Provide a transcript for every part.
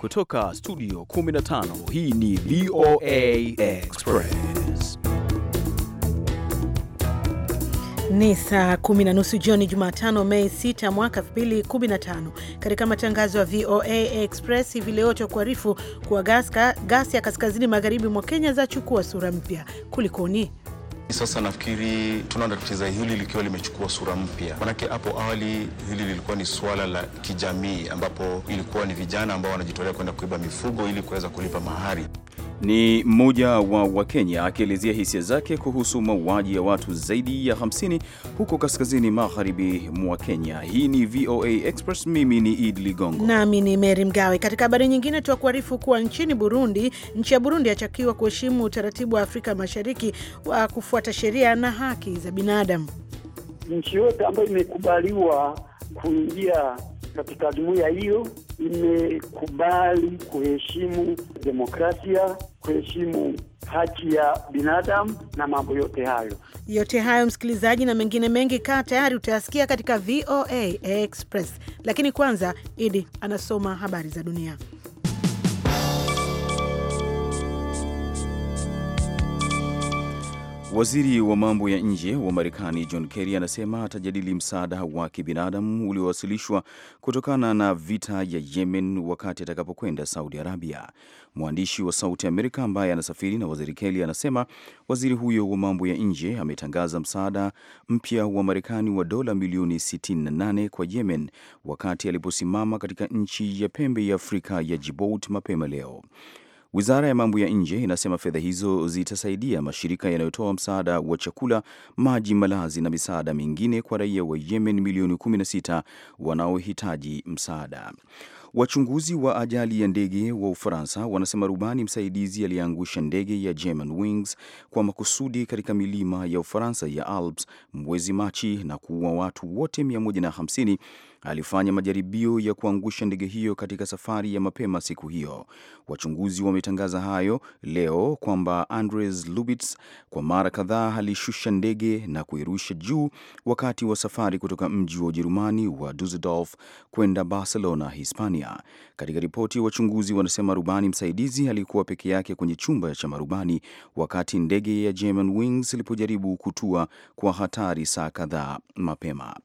Kutoka studio 15 hii ni VOA Express. Ni saa kumi na nusu jioni Jumatano, Mei 6 mwaka 2015. Katika matangazo ya VOA Express hivi leo, cha kuharifu kuwa gasia kaskazini magharibi mwa Kenya za chukua sura mpya. Kulikoni? Sasa nafikiri tunaenda tatizo hili likiwa limechukua sura mpya, manake hapo awali hili lilikuwa ni swala la kijamii, ambapo ilikuwa ni vijana ambao wanajitolea kwenda kuiba mifugo ili kuweza kulipa mahari ni mmoja wa Wakenya akielezea hisia zake kuhusu mauaji ya watu zaidi ya 50 huko kaskazini magharibi mwa Kenya. Hii ni VOA Express, mimi ni Idi Ligongo nami ni Meri Mgawe. Katika habari nyingine, kuharifu kuwa nchini Burundi, nchi ya Burundi yatakiwa kuheshimu utaratibu wa Afrika Mashariki wa kufuata sheria na haki za binadamu. Nchi yote ambayo imekubaliwa kuingia katika jumuiya hiyo imekubali kuheshimu demokrasia, kuheshimu haki ya binadamu na mambo yote hayo. Yote hayo, msikilizaji, na mengine mengi kaa tayari utayasikia katika VOA Express, lakini kwanza Idi anasoma habari za dunia. Waziri wa mambo ya nje wa Marekani John Kerry anasema atajadili msaada wa kibinadamu uliowasilishwa kutokana na vita ya Yemen wakati atakapokwenda Saudi Arabia. Mwandishi wa Sauti Amerika ambaye anasafiri na waziri Kerry anasema waziri huyo wa mambo ya nje ametangaza msaada mpya wa Marekani wa dola milioni 68 kwa Yemen wakati aliposimama katika nchi ya pembe ya Afrika ya Djibouti mapema leo. Wizara ya mambo ya nje inasema fedha hizo zitasaidia mashirika yanayotoa msaada wa chakula, maji, malazi na misaada mingine kwa raia wa Yemen milioni 16 wanaohitaji msaada. Wachunguzi wa ajali ya ndege wa Ufaransa wanasema rubani msaidizi aliyeangusha ndege ya Wings kwa makusudi katika milima ya Ufaransa ya Alps mwezi Machi na kuua watu wote 150 alifanya majaribio ya kuangusha ndege hiyo katika safari ya mapema siku hiyo. Wachunguzi wametangaza hayo leo kwamba Andres Lubits kwa mara kadhaa alishusha ndege na kuirusha juu wakati wa safari kutoka mji wa Ujerumani wa Dusseldorf kwenda Barcelona, Hispania. Katika ripoti, wachunguzi wanasema rubani msaidizi alikuwa peke yake kwenye chumba cha marubani wakati ndege ya German Wings ilipojaribu kutua kwa hatari saa kadhaa mapema.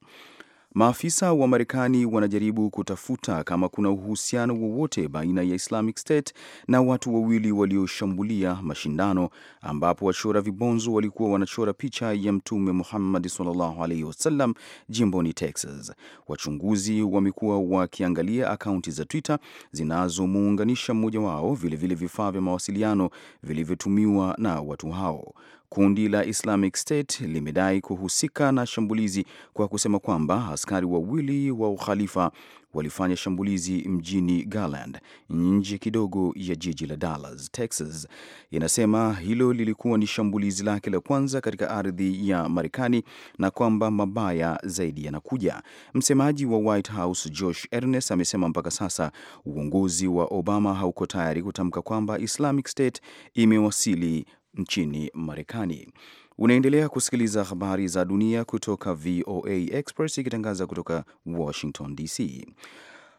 Maafisa wa Marekani wanajaribu kutafuta kama kuna uhusiano wowote baina ya Islamic State na watu wawili walioshambulia mashindano ambapo wachora vibonzo walikuwa wanachora picha ya Mtume Muhammad sallallahu alaihi wasallam jimboni Texas. Wachunguzi wamekuwa wakiangalia akaunti za Twitter zinazomuunganisha mmoja wao, vilevile vifaa vya mawasiliano vilivyotumiwa na watu hao. Kundi la Islamic State limedai kuhusika na shambulizi kwa kusema kwamba askari wawili wa ukhalifa walifanya shambulizi mjini Garland, nje kidogo ya jiji la Dallas, Texas. Inasema hilo lilikuwa ni shambulizi lake la kwanza katika ardhi ya Marekani na kwamba mabaya zaidi yanakuja. Msemaji wa White House Josh Earnest amesema mpaka sasa uongozi wa Obama hauko tayari kutamka kwamba Islamic State imewasili nchini Marekani. Unaendelea kusikiliza habari za dunia kutoka VOA Express ikitangaza kutoka Washington DC.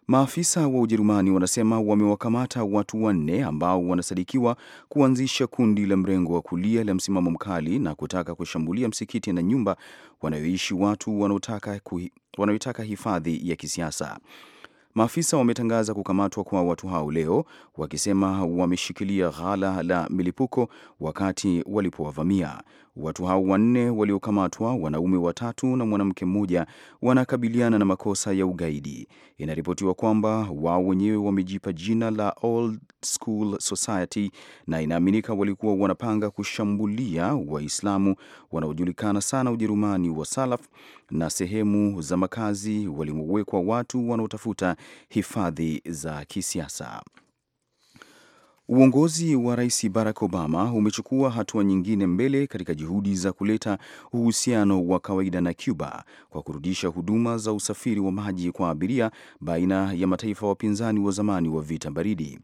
Maafisa wa Ujerumani wanasema wamewakamata watu wanne ambao wanasadikiwa kuanzisha kundi la mrengo wa kulia la msimamo mkali na kutaka kushambulia msikiti na nyumba wanayoishi watu wanaotaka hifadhi ya kisiasa. Maafisa wametangaza kukamatwa kwa watu hao leo, wakisema wameshikilia ghala la milipuko wakati walipowavamia. Watu hao wanne waliokamatwa, wanaume watatu na mwanamke mmoja, wanakabiliana na makosa ya ugaidi. Inaripotiwa kwamba wao wenyewe wamejipa jina la Old School Society na inaaminika walikuwa wanapanga kushambulia Waislamu wanaojulikana sana Ujerumani wa Salaf na sehemu za makazi walimowekwa watu wanaotafuta hifadhi za kisiasa. Uongozi wa Rais Barack Obama umechukua hatua nyingine mbele katika juhudi za kuleta uhusiano wa kawaida na Cuba kwa kurudisha huduma za usafiri wa maji kwa abiria baina ya mataifa wapinzani wa zamani wa vita baridi.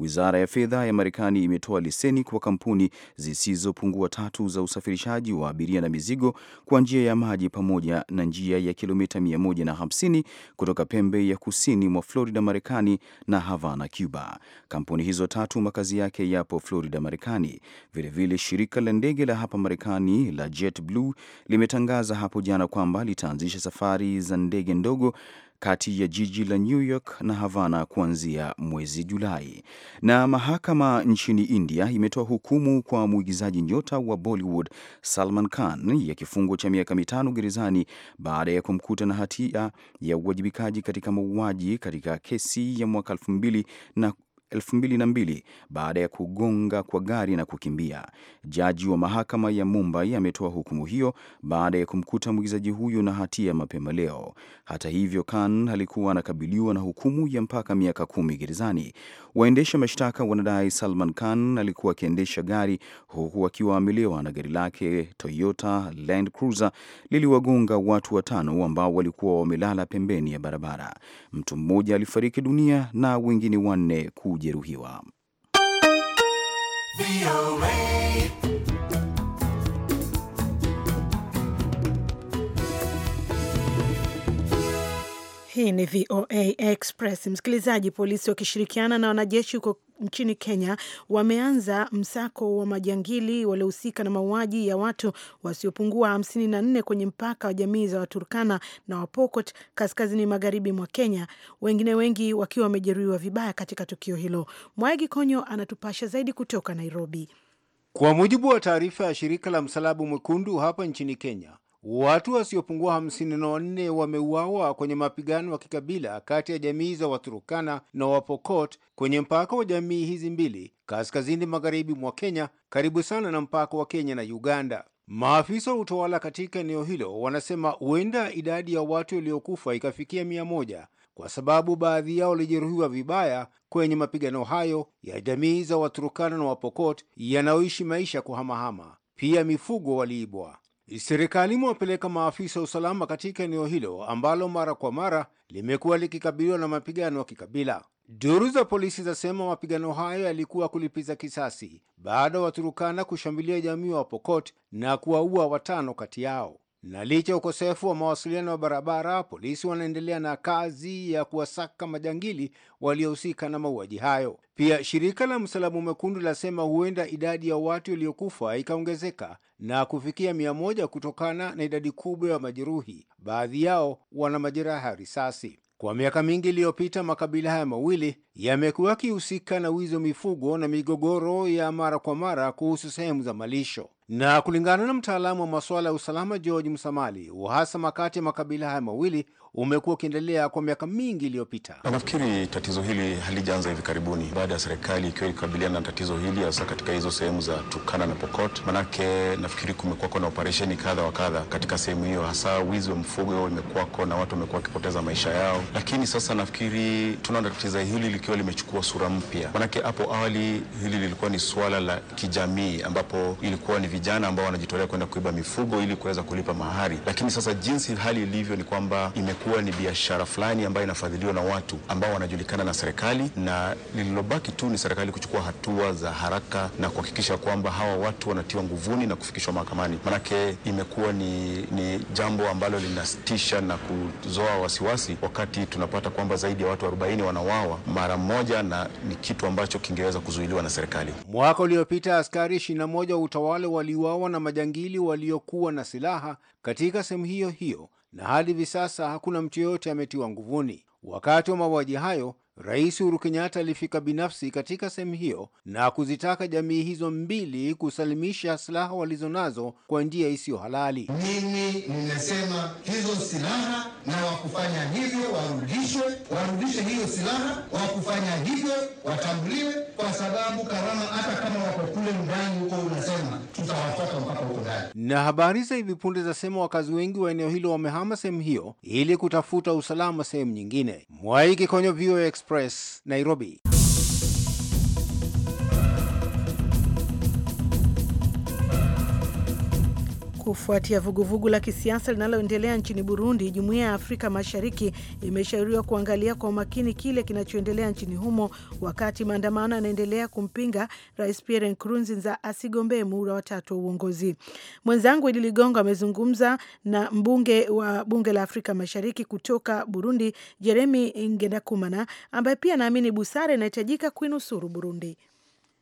Wizara ya fedha ya Marekani imetoa leseni kwa kampuni zisizopungua tatu za usafirishaji wa abiria na mizigo kwa njia ya maji pamoja na njia ya kilomita 150 kutoka pembe ya kusini mwa Florida, Marekani na Havana, Cuba. Kampuni hizo tatu makazi yake yapo Florida, Marekani. Vilevile, shirika la ndege la hapa Marekani la JetBlue limetangaza hapo jana kwamba litaanzisha safari za ndege ndogo kati ya jiji la New York na Havana kuanzia mwezi Julai. Na mahakama nchini India imetoa hukumu kwa mwigizaji nyota wa Bollywood Salman Khan ya kifungo cha miaka mitano gerezani baada ya kumkuta na hatia ya uwajibikaji katika mauaji katika kesi ya mwaka elfu mbili na 2002 baada ya kugonga kwa gari na kukimbia. Jaji wa mahakama ya Mumbai ametoa hukumu hiyo baada ya kumkuta mwigizaji huyo na hatia mapema leo. Hata hivyo, Khan alikuwa anakabiliwa na hukumu ya mpaka miaka kumi gerezani. Waendesha mashtaka wanadai Salman Khan alikuwa akiendesha gari huku akiwa amelewa na gari lake Toyota Land Cruiser liliwagonga watu watano ambao walikuwa wamelala pembeni ya barabara. Mtu mmoja alifariki dunia na wengine wanne ku kujeruhiwa. Hii ni VOA Express. Msikilizaji, polisi wakishirikiana na wanajeshi huko nchini Kenya wameanza msako wa majangili waliohusika na mauaji ya watu wasiopungua hamsini na nne kwenye mpaka wa jamii za Waturkana na Wapokot kaskazini magharibi mwa Kenya, wengine wengi wakiwa wamejeruhiwa vibaya katika tukio hilo. Mwaegi Konyo anatupasha zaidi kutoka Nairobi. Kwa mujibu wa taarifa ya shirika la Msalabu Mwekundu hapa nchini Kenya, Watu wasiopungua hamsini na wanne wameuawa kwenye mapigano ya kikabila kati ya jamii za Waturukana na Wapokot kwenye mpaka wa jamii hizi mbili kaskazini magharibi mwa Kenya, karibu sana na mpaka wa Kenya na Uganda. Maafisa wa utawala katika eneo hilo wanasema huenda idadi ya watu waliokufa ikafikia mia moja kwa sababu baadhi yao walijeruhiwa vibaya kwenye mapigano hayo ya jamii za Waturukana na Wapokot yanayoishi maisha kuhamahama. Pia mifugo waliibwa. Serikali imewapeleka maafisa wa usalama katika eneo hilo ambalo mara kwa mara limekuwa likikabiliwa na mapigano ya kikabila. Duru za polisi zasema mapigano hayo yalikuwa kulipiza kisasi baada ya Waturukana kushambulia jamii wa Pokot na kuwaua watano kati yao. Na licha ya ukosefu wa mawasiliano ya barabara, polisi wanaendelea na kazi ya kuwasaka majangili waliohusika na mauaji hayo. Pia shirika la Msalaba Mwekundu lasema huenda idadi ya watu waliokufa ikaongezeka na kufikia mia moja kutokana na idadi kubwa ya majeruhi, baadhi yao wana majeraha ya risasi. Kwa miaka mingi iliyopita, makabila haya mawili yamekuwa yakihusika na wizi wa mifugo na migogoro ya mara kwa mara kuhusu sehemu za malisho. Na kulingana na mtaalamu wa masuala ya usalama George Msamali, uhasama kati ya makabila haya mawili umekuwa ukiendelea kwa miaka mingi iliyopita. Nafikiri tatizo hili halijaanza hivi karibuni, baada ya serikali ikiwa ilikabiliana na tatizo hili hasa katika hizo sehemu za Turkana na Pokot. Manake nafikiri kumekuwako na operesheni kadha wa kadha katika sehemu hiyo, hasa wizi wa mfugo imekuwako na watu wamekuwa wakipoteza maisha yao, lakini sasa nafikiri tunaona tatizo hili likiwa limechukua sura mpya. Manake hapo awali hili lilikuwa ni suala la kijamii, ambapo ilikuwa ni vijana ambao wanajitolea kwenda kuiba mifugo ili kuweza kulipa mahari, lakini sasa jinsi hali ilivyo ni kwamba imekuwa ni biashara fulani ambayo inafadhiliwa na watu ambao wanajulikana na serikali, na lililobaki tu ni serikali kuchukua hatua za haraka na kuhakikisha kwamba hawa watu wanatiwa nguvuni na kufikishwa mahakamani. Manake imekuwa ni, ni jambo ambalo linastisha na kuzoa wasiwasi, wakati tunapata kwamba zaidi ya watu 40 wanawawa mara moja na ni kitu ambacho kingeweza kuzuiliwa na serikali. Mwaka uliopita askari 21 wa utawala waliuawa na majangili waliokuwa na silaha katika sehemu hiyo hiyo, na hadi hivi sasa hakuna mtu yoyote ametiwa nguvuni. Wakati wa mauaji hayo Rais Uhuru Kenyatta alifika binafsi katika sehemu hiyo na kuzitaka jamii hizo mbili kusalimisha silaha walizonazo kwa njia isiyo halali. Mimi nimesema hizo silaha, na wakufanya hivyo warudishwe, warudishe hiyo silaha. Wakufanya hivyo watambuliwe, kwa sababu Karama, hata kama wako kule ndani huko, unasema tutawapata mpaka huko ndani. Na habari za hivi punde zasema wakazi wengi wa eneo hilo wamehama sehemu hiyo ili kutafuta usalama sehemu nyingine. Mwaiki kwenye VOA Express Nairobi. Kufuatia vuguvugu la kisiasa linaloendelea nchini Burundi, jumuiya ya Afrika Mashariki imeshauriwa kuangalia kwa umakini kile kinachoendelea nchini humo, wakati maandamano yanaendelea kumpinga Rais Pierre Nkurunziza asigombee muhula watatu wa uongozi. Mwenzangu Idi Ligongo amezungumza na mbunge wa bunge la Afrika Mashariki kutoka Burundi, Jeremi Ngendakumana, ambaye pia anaamini busara inahitajika kuinusuru Burundi.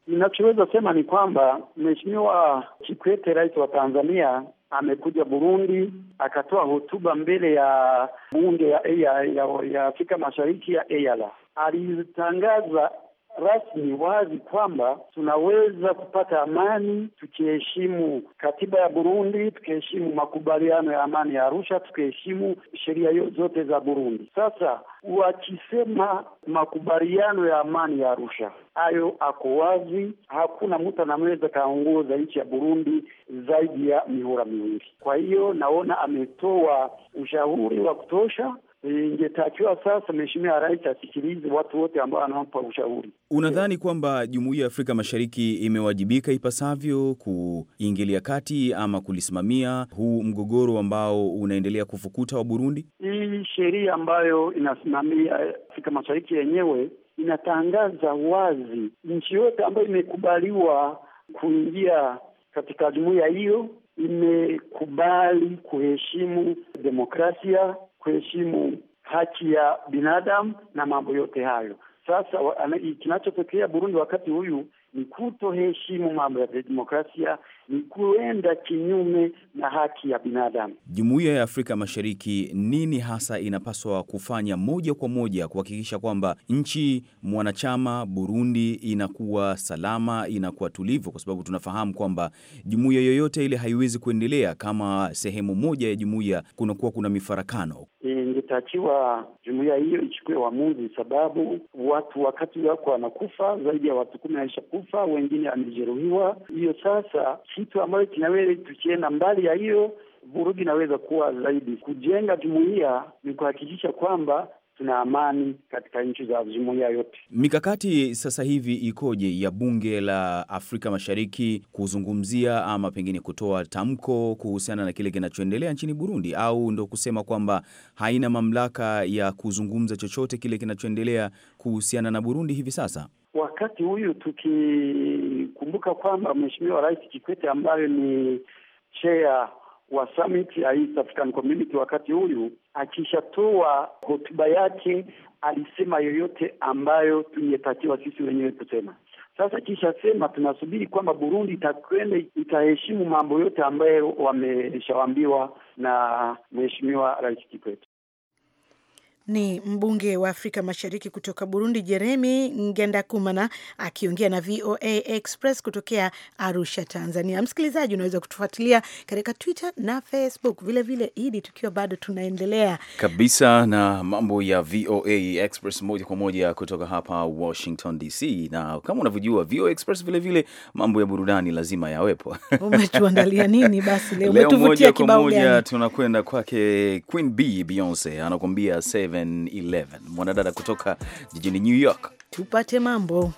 Ninachoweza sema ni kwamba Mheshimiwa Kikwete, rais wa Tanzania, amekuja Burundi akatoa hotuba mbele ya bunge ya, ya, ya, ya Afrika Mashariki ya EALA. Alitangaza rasmi wazi kwamba tunaweza kupata amani tukiheshimu katiba ya Burundi, tukiheshimu makubaliano ya amani ya Arusha, tukiheshimu sheria zote za Burundi. Sasa wakisema makubaliano ya amani ya Arusha, hayo ako wazi, hakuna mtu anaweza kaongoza nchi ya Burundi zaidi ya mihura miwili. Kwa hiyo naona ametoa ushauri wa kutosha ingetakiwa sasa Mheshimiwa Rais asikilize watu wote ambao anawapa ushauri. Unadhani kwamba Jumuiya ya Afrika Mashariki imewajibika ipasavyo kuingilia kati ama kulisimamia huu mgogoro ambao unaendelea kufukuta wa Burundi? Hii sheria ambayo inasimamia Afrika Mashariki yenyewe inatangaza wazi nchi yote ambayo imekubaliwa kuingia katika jumuiya hiyo imekubali kuheshimu demokrasia, kuheshimu haki ya binadamu na mambo yote hayo. Sasa kinachotokea Burundi wakati huyu ni kutoheshimu mambo ya demokrasia, ni kuenda kinyume na haki ya binadamu. Jumuiya ya Afrika Mashariki nini hasa inapaswa kufanya moja kwa moja kuhakikisha kwamba nchi mwanachama Burundi inakuwa salama, inakuwa tulivu? Kwa sababu tunafahamu kwamba jumuiya yoyote ile haiwezi kuendelea kama sehemu moja ya jumuiya kunakuwa kuna mifarakano. E, ingetakiwa jumuiya hiyo ichukue uamuzi, sababu watu wakati wako wanakufa, zaidi ya watu kumi kufa wengine wamejeruhiwa. Hiyo sasa kitu ambayo kinaweza tukienda mbali ya hiyo vurugu inaweza kuwa zaidi. Kujenga jumuiya ni kuhakikisha kwamba tuna amani katika nchi za jumuiya yote. Mikakati sasa hivi ikoje ya bunge la Afrika Mashariki kuzungumzia ama pengine kutoa tamko kuhusiana na kile kinachoendelea nchini Burundi, au ndo kusema kwamba haina mamlaka ya kuzungumza chochote kile kinachoendelea kuhusiana na Burundi hivi sasa? Wakati huyu tukikumbuka kwamba Mheshimiwa Rais Kikwete ambaye ni chea wa summit ya East African Community wakati huyu akishatoa hotuba yake, alisema yoyote ambayo tungetakiwa sisi wenyewe kusema. Sasa sema tunasubiri kwamba Burundi itakwenda itaheshimu mambo yote ambayo wameshawambiwa na Mheshimiwa Rais Kikwete. Ni mbunge wa Afrika Mashariki kutoka Burundi, Jeremi Ngendakumana akiongea na VOA Express kutokea Arusha, Tanzania. Msikilizaji, unaweza kutufuatilia katika Twitter na Facebook vilevile vile, tukiwa bado tunaendelea kabisa na mambo ya VOA Express moja kwa moja kutoka hapa Washington DC, na kama unavyojua VOA Express vilevile vile, mambo ya burudani lazima yawepo. Umetuandalia nini basi leo? Leo moja kwa moja tunakwenda kwake Queen B, Beyonce anakuambia seven 711 mwanadada kutoka jijini New York. Tupate mambo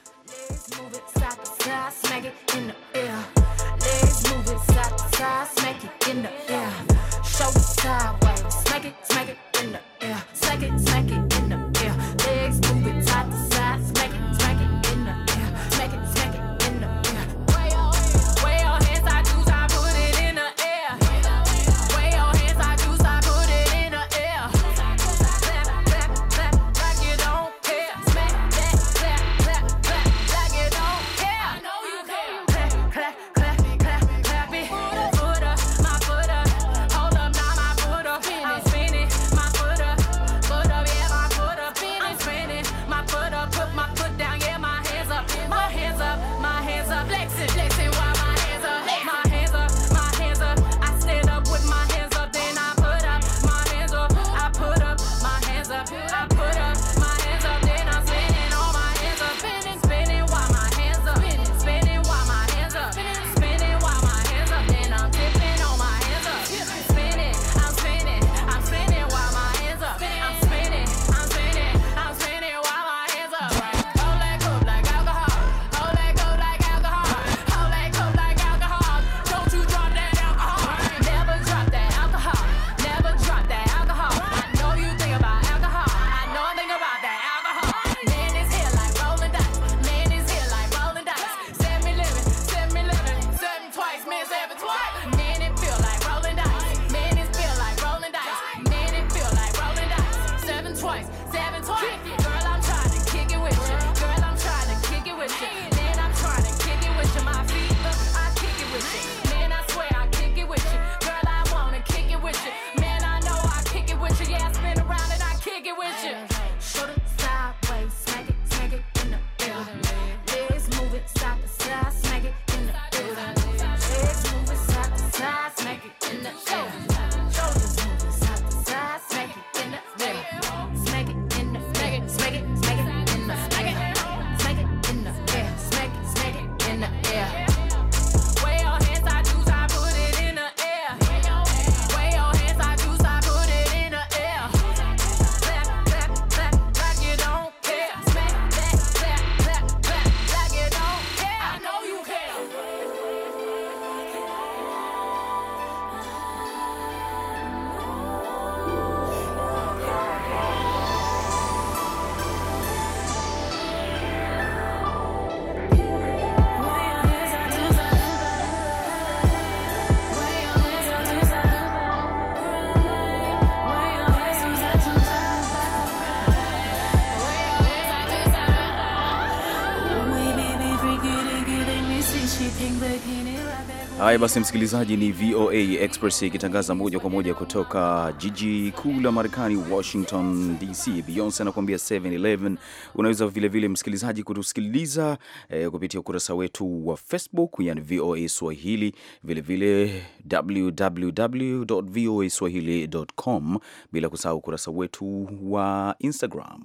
Haya basi, msikilizaji, ni VOA Express ikitangaza moja kwa moja kutoka jiji kuu la Marekani, Washington DC. Beyonce anakuambia 711. Unaweza vilevile msikilizaji kutusikiliza eh, kupitia ukurasa wetu wa Facebook, yani VOA Swahili, vilevile www voa swahili.com, bila kusahau ukurasa wetu wa Instagram.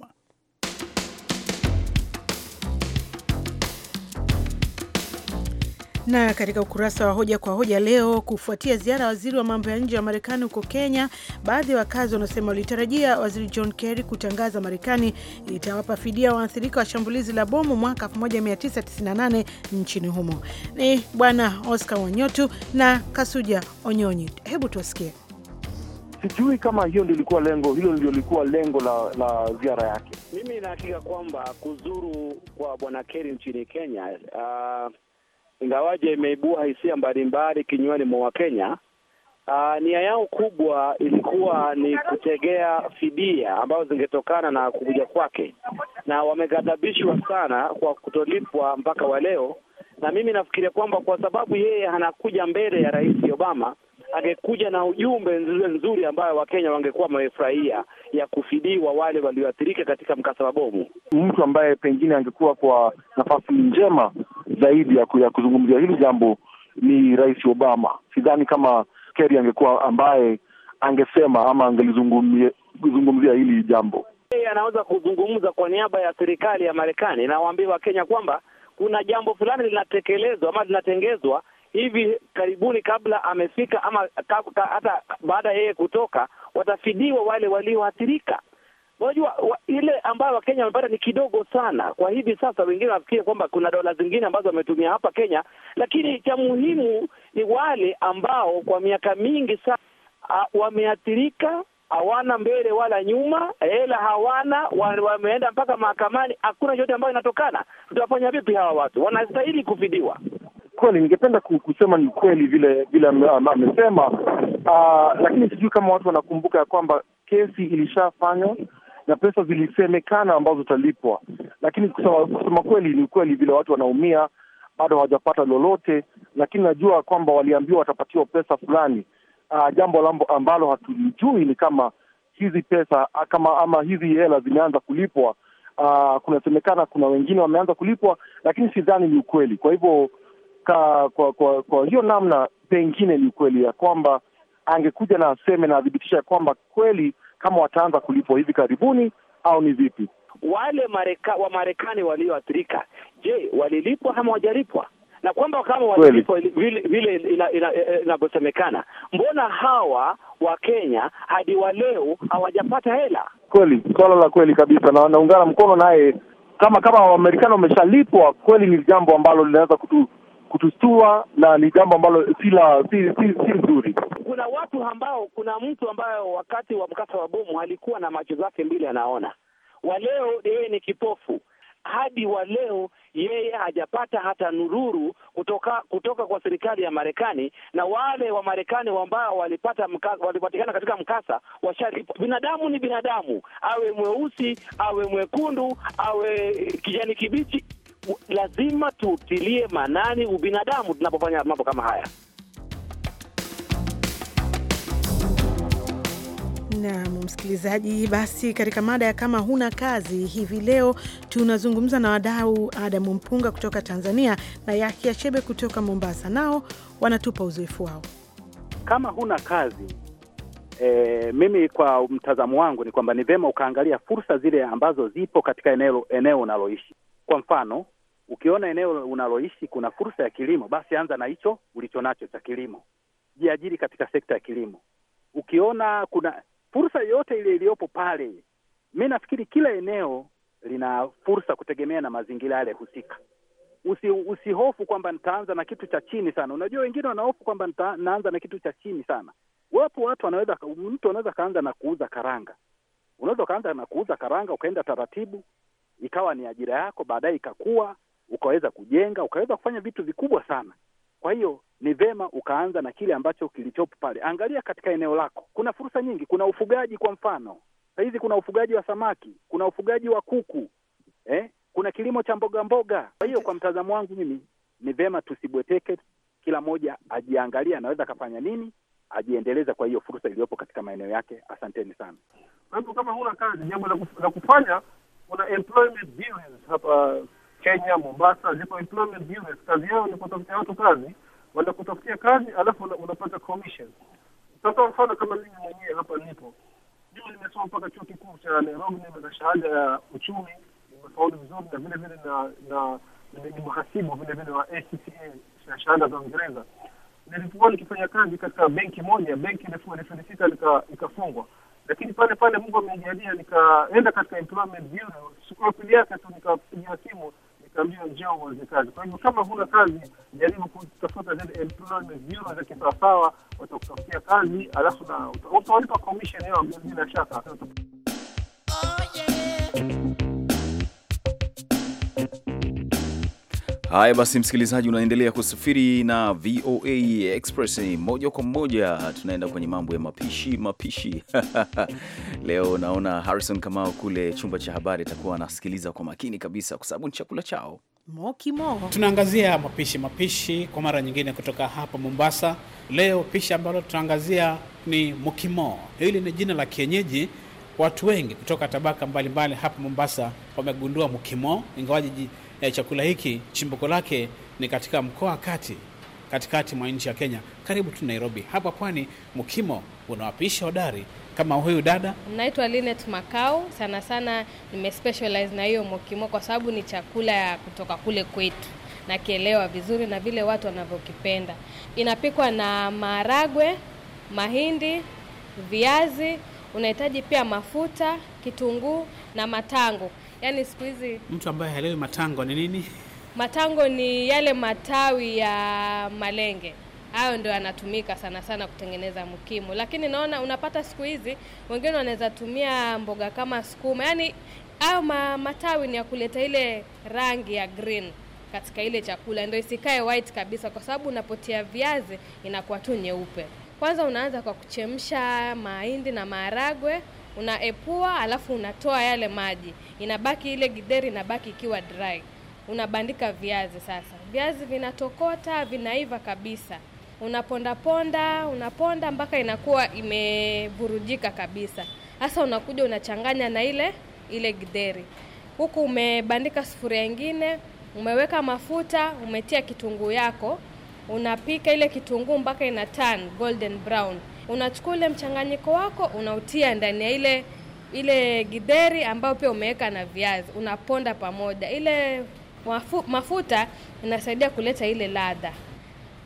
Na katika ukurasa wa hoja kwa hoja leo, kufuatia ziara ya waziri wa mambo ya nje wa Marekani huko Kenya, baadhi ya wakazi wanasema walitarajia waziri John Kerry kutangaza Marekani itawapa fidia waathirika wa shambulizi la bomu mwaka 1998 nchini humo. Ni Bwana Oscar Wanyotu na Kasuja Onyonyi, hebu tuwasikie. Sijui kama hiyo ndio ilikuwa lengo, hilo ndio lilikuwa lengo la, la ziara yake. Mimi nahakika kwamba kuzuru kwa bwana Kerry nchini Kenya uh, ingawaje imeibua hisia mbalimbali kinywani mwa Wakenya. Uh, nia yao kubwa ilikuwa ni kutegea fidia ambazo zingetokana na kuja kwake, na wamegadhabishwa sana kwa kutolipwa mpaka wa leo. Na mimi nafikiria kwamba kwa sababu yeye anakuja mbele ya Rais Obama, angekuja na ujumbe nzuri nzuri ambayo Wakenya wangekuwa wamefurahia ya kufidiwa wale walioathirika katika mkasa wa bomu. Mtu ambaye pengine angekuwa kwa nafasi njema zaidi ya kuzungumzia hili jambo ni Rais Obama. Sidhani kama Kerry angekuwa ambaye angesema ama angelizungumzia hili jambo. Yeye anaweza kuzungumza kwa niaba ya serikali ya Marekani nawaambia Wakenya kwamba kuna jambo fulani linatekelezwa ama linatengezwa hivi karibuni, kabla amefika ama hata baada ya yeye kutoka, watafidiwa wale walioathirika. Unajua ile ambayo Wakenya wamepata ni kidogo sana. Kwa hivi sasa, wengine wanafikiri kwamba kuna dola zingine ambazo wametumia hapa Kenya, lakini cha muhimu ni wale ambao kwa miaka mingi sana wameathirika, hawana mbele wala nyuma, hela hawana, wameenda mpaka mahakamani, hakuna chochote ambayo inatokana. Tutawafanya vipi hawa watu? Wanastahili kufidiwa. Kweli ningependa kusema ni kweli vile vile amesema, ah, lakini sijui kama watu wanakumbuka ya kwamba kesi ilishafanywa na pesa zilisemekana ambazo zitalipwa, lakini kusema, kusema kweli ni ukweli, vile watu wanaumia bado hawajapata lolote, lakini najua kwamba waliambiwa watapatiwa pesa fulani. Uh, jambo lambo ambalo hatulijui ni kama hizi pesa ah, kama ama hizi hela zimeanza kulipwa. Uh, kunasemekana kuna wengine wameanza kulipwa, lakini sidhani ni ukweli. Kwa hivyo ka, kwa, kwa, kwa hiyo namna pengine ni ukweli ya kwamba angekuja na aseme na adhibitisha ya kwamba kweli kama wataanza kulipwa hivi karibuni au ni vipi? Wale mareka, wa Marekani walioathirika, je, walilipwa ama wajalipwa? Na kwamba kama walilipwa vile, vile e, e, inavyosemekana, mbona hawa wa Kenya hadi wa leo hawajapata hela? Kweli, swala la kweli kabisa, na wanaungana mkono naye kama kama Wamarekani wameshalipwa kweli, ni jambo ambalo linaweza kutu kutustua na ni jambo ambalo si si si nzuri kuna watu ambao, kuna mtu ambayo wakati wa mkasa wa bomu alikuwa na macho zake mbili anaona, waleo yeye ni kipofu hadi wa leo yeye hajapata hata nururu kutoka kutoka kwa serikali ya Marekani, na wale wa Marekani ambao walipata walipatikana katika mkasa washalipwa. Binadamu ni binadamu, awe mweusi awe mwekundu awe kijani kibichi, lazima tuutilie manani ubinadamu tunapofanya mambo kama haya. Nam msikilizaji, basi katika mada ya kama huna kazi hivi leo tunazungumza na wadau Adamu Mpunga kutoka Tanzania na Yakia Shebe kutoka Mombasa, nao wanatupa uzoefu wao. Kama huna kazi e, mimi kwa mtazamo wangu ni kwamba ni vema ukaangalia fursa zile ambazo zipo katika eneo eneo unaloishi. Kwa mfano, ukiona eneo unaloishi kuna fursa ya kilimo, basi anza na hicho ulichonacho cha kilimo, jiajiri katika sekta ya kilimo. Ukiona kuna fursa yoyote ile iliyopo pale, mi nafikiri kila eneo lina fursa kutegemea na mazingira yale husika. Usi, usihofu kwamba nitaanza na kitu cha chini sana. Unajua wengine wanahofu kwamba naanza na kitu cha chini sana. Wapo watu wanaweza, mtu anaweza kaanza na kuuza karanga, unaweza ukaanza na kuuza karanga ukaenda taratibu, ikawa ni ajira yako, baadaye ikakua, ukaweza kujenga, ukaweza kufanya vitu vikubwa sana. Kwa hiyo ni vema ukaanza na kile ambacho kilichopo pale. Angalia katika eneo lako, kuna fursa nyingi. Kuna ufugaji kwa mfano, sahizi kuna ufugaji wa samaki, kuna ufugaji wa kuku eh? kuna kilimo cha mboga mboga. Kwa hiyo kwa mtazamo wangu mimi ni vema tusibweteke, kila mmoja ajiangalia anaweza akafanya nini, ajiendeleza kwa hiyo fursa iliyopo katika maeneo yake. Asanteni sana. Mtu kama huna kazi, jambo la kufanya kuna employment hapa Kenya, Mombasa, zipo employment units. Kazi yao ni kutafutia watu kazi, wanakutafutia kazi alafu unapata commission. Sasa mfano kama mimi mwenyewe hapa nipo juu, nimesoma mpaka chuo kikuu cha Nairobi, na shahada ya uchumi, nimefaulu vizuri, na vile vile na na ni mhasibu vile vile wa ACCA na shahada za Uingereza. Nilipokuwa nikifanya kazi katika benki moja, benki ilifilisika ikafungwa lakini pale pale Mungu amenijalia nikaenda katika employment bureau. Siku ya pili yake tu nikapigia simu ndio njia uwezekaji. Kwa hivyo kama huna kazi, jaribu kutafuta zile employment bureau za kisawasawa, watakutafutia kazi, alafu na utawalipa commission yao bila shaka. Haya basi, msikilizaji, unaendelea kusafiri na VOA Express moja kwa moja, tunaenda kwenye mambo ya mapishi mapishi Leo naona Harrison Kamau kule chumba cha habari atakuwa anasikiliza kwa makini kabisa, kwa sababu ni chakula chao mokimo. Tunaangazia mapishi mapishi kwa mara nyingine kutoka hapa Mombasa. Leo pishi ambalo tunaangazia ni mokimo. Hili ni jina la kienyeji watu wengi kutoka tabaka mbalimbali mbali hapa Mombasa wamegundua mokimo, ingawaji eh, chakula hiki chimbuko lake ni katika mkoa wa kati katikati mwa nchi ya Kenya, karibu tu Nairobi. Hapa pwani mukimo unawapisha hodari kama huyu dada. Naitwa Linet Makau, sana sana nimespecialize na hiyo mokimo kwa sababu ni chakula ya kutoka kule kwetu nakielewa vizuri na vile watu wanavyokipenda. Inapikwa na maragwe mahindi, viazi. Unahitaji pia mafuta, kitunguu na matango. Yaani siku hizi mtu ambaye haelewi matango ni nini? Matango ni yale matawi ya malenge hayo ndio yanatumika sana sana kutengeneza mkimo. Lakini naona unapata siku hizi wengine wanaweza tumia mboga kama sukuma, yaani au ma, matawi ni ya kuleta ile rangi ya green katika ile chakula, ndio isikae white kabisa, kwa sababu unapotia viazi inakuwa tu nyeupe. Kwanza unaanza kwa kuchemsha mahindi na maharagwe unaepua, alafu unatoa yale maji, inabaki ile gideri inabaki ikiwa dry. Unabandika viazi sasa, viazi vinatokota, vinaiva kabisa unapondaponda unaponda mpaka inakuwa imevurujika kabisa. hasa unakuja unachanganya na ile ile gideri huku umebandika sufuria ingine, umeweka mafuta, umetia kitunguu yako, unapika ile kitunguu mpaka ina turn golden brown. Unachukua ule mchanganyiko wako unautia ndani ya ile ile gideri ambayo pia umeweka na viazi, unaponda pamoja. Ile mafu, mafuta inasaidia kuleta ile ladha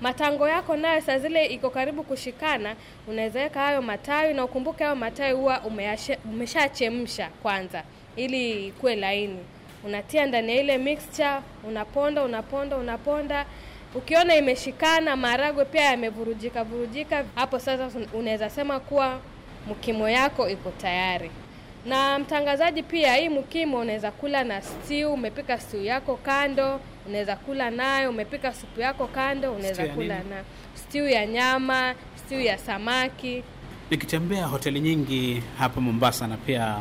matango yako nayo saa zile iko karibu kushikana, unaweza weka hayo matawi, na ukumbuke hayo matawi huwa umeshachemsha kwanza ili ikuwe laini. Unatia ndani ya ile mixture, unaponda unaponda unaponda. Ukiona imeshikana, maragwe pia yamevurujika vurujika, hapo sasa unaweza sema kuwa mkimo yako iko tayari. Na mtangazaji, pia hii mkimo unaweza kula na stiu umepika stiu yako kando unaweza kula nayo, umepika supu yako kando, unaweza kula na stew ya nyama, stew ya samaki. Nikitembea hoteli nyingi hapa Mombasa na pia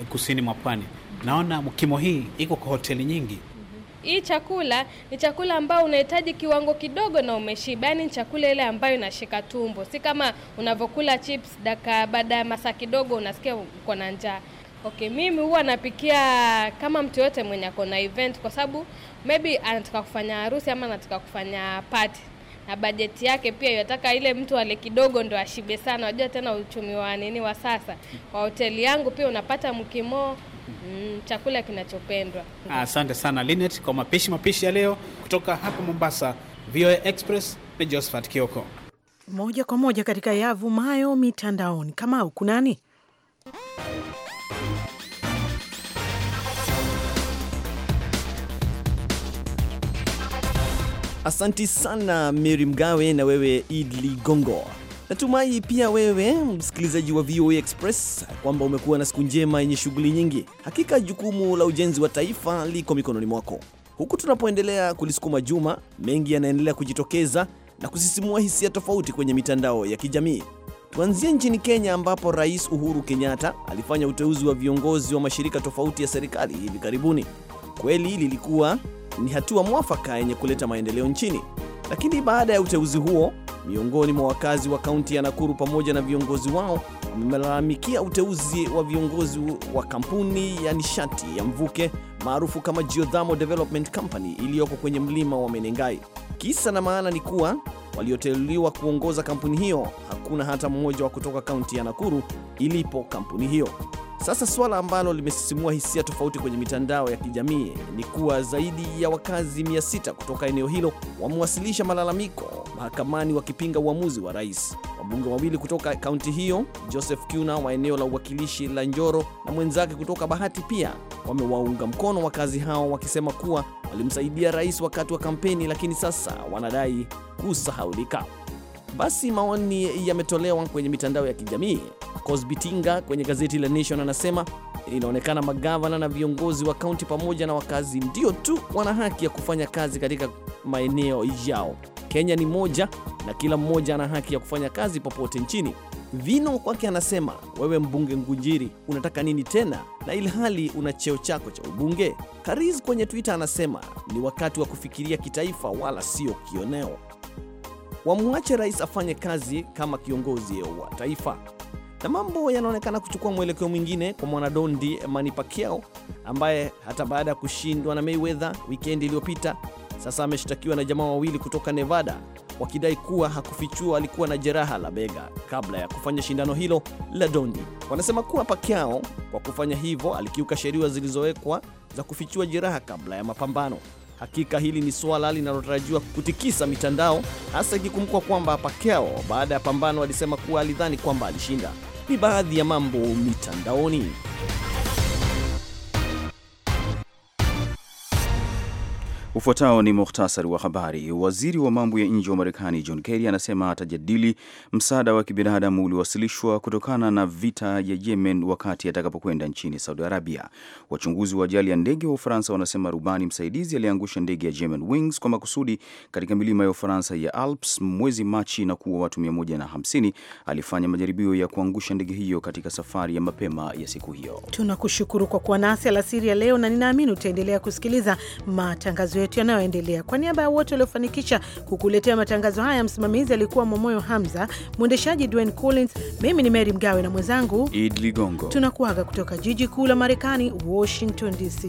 eh, kusini mwa pwani, naona mkimo hii iko kwa hoteli nyingi. Mm-hmm. Hii chakula ni chakula ambao unahitaji kiwango kidogo na umeshiba, yaani chakula ile ambayo inashika tumbo, si kama unavyokula chips dakika baada ya masaa kidogo unasikia uko na njaa. Okay, mimi huwa napikia kama mtu yote mwenye ako na event, kwa sababu maybe anataka kufanya harusi ama anataka kufanya party na bajeti yake pia yataka ile mtu ale kidogo ndo ashibe sana. Unajua tena uchumi wa nini wa sasa kwa hoteli yangu pia unapata mkimo mm, chakula kinachopendwa. Ah, asante sana Linet kwa mapishi mapishi ya leo kutoka hapa Mombasa. VOA Express ni Josephat Kioko, moja kwa moja katika yavu mayo mitandaoni. Kama ukunani? Asanti sana Mary Mgawe na wewe Idli Gongo. Natumai pia wewe msikilizaji wa VOA Express kwamba umekuwa na siku njema yenye shughuli nyingi. Hakika jukumu la ujenzi wa taifa liko mikononi mwako. Huku tunapoendelea kulisukuma juma, mengi yanaendelea kujitokeza na kusisimua hisia tofauti kwenye mitandao ya kijamii. Tuanzie nchini Kenya ambapo Rais Uhuru Kenyatta alifanya uteuzi wa viongozi wa mashirika tofauti ya serikali hivi karibuni. Kweli lilikuwa ni hatua mwafaka yenye kuleta maendeleo nchini. Lakini baada ya uteuzi huo, miongoni mwa wakazi wa kaunti ya Nakuru pamoja na viongozi wao wamelalamikia uteuzi wa viongozi wa kampuni ya nishati ya mvuke maarufu kama Geothermal Development Company iliyoko kwenye mlima wa Menengai. Kisa na maana ni kuwa walioteuliwa kuongoza kampuni hiyo hakuna hata mmoja wa kutoka kaunti ya Nakuru ilipo kampuni hiyo. Sasa suala ambalo limesisimua hisia tofauti kwenye mitandao ya kijamii ni kuwa zaidi ya wakazi 600 kutoka eneo hilo wamewasilisha malalamiko mahakamani wakipinga uamuzi wa rais. Wabunge wawili kutoka kaunti hiyo, Joseph kuna wa eneo la uwakilishi la Njoro na mwenzake kutoka Bahati, pia wamewaunga mkono wakazi hao wakisema kuwa walimsaidia rais wakati wa kampeni, lakini sasa wanadai kusahaulika. Basi maoni yametolewa kwenye mitandao ya kijamii. Cosby Tinga kwenye gazeti la Nation anasema inaonekana magavana na viongozi wa kaunti pamoja na wakazi ndio tu wana haki ya kufanya kazi katika maeneo yao. Kenya ni moja na kila mmoja ana haki ya kufanya kazi popote nchini. Vino kwake anasema wewe mbunge Ngunjiri unataka nini tena, na ilhali una cheo chako cha ubunge. Kariz kwenye Twitter anasema ni wakati wa kufikiria kitaifa, wala sio kioneo wamwache rais afanye kazi kama kiongozi wa taifa. Na mambo yanaonekana kuchukua mwelekeo mwingine kwa mwanadondi Manny ambaye hata baada ya kushindwa na meiwedha wikendi iliyopita, sasa ameshtakiwa na jamaa wawili kutoka Nevada wakidai kuwa hakufichua alikuwa na jeraha la bega kabla ya kufanya shindano hilo la dondi. Wanasema kuwa pakiao kwa kufanya hivyo alikiuka sheria zilizowekwa za kufichua jeraha kabla ya mapambano. Hakika hili ni suala linalotarajiwa kutikisa mitandao, hasa ikikumbukwa kwamba pakeo baada ya pambano alisema kuwa alidhani kwamba alishinda. Ni baadhi ya mambo mitandaoni. Ufuatao ni muhtasari wa habari. Waziri wa mambo ya nje wa Marekani John Kerry anasema atajadili msaada wa kibinadamu uliowasilishwa kutokana na vita ya Yemen wakati atakapokwenda nchini Saudi Arabia. Wachunguzi wa ajali ya ndege wa Ufaransa wanasema rubani msaidizi aliyeangusha ndege ya German Wings kwa makusudi katika milima ya Ufaransa ya Alps mwezi Machi na kuua watu 150 alifanya majaribio ya kuangusha ndege hiyo katika safari ya mapema ya siku hiyo. Tunakushukuru kwa kuwa nasi alasiri ya leo, na ninaamini utaendelea kusikiliza matangazo yetu yanayoendelea. Kwa niaba ya wote waliofanikisha kukuletea matangazo haya, msimamizi alikuwa Momoyo Hamza, mwendeshaji Dwayne Collins, mimi ni Mary Mgawe na mwenzangu Id Ligongo, tunakuaga kutoka jiji kuu la Marekani, Washington DC.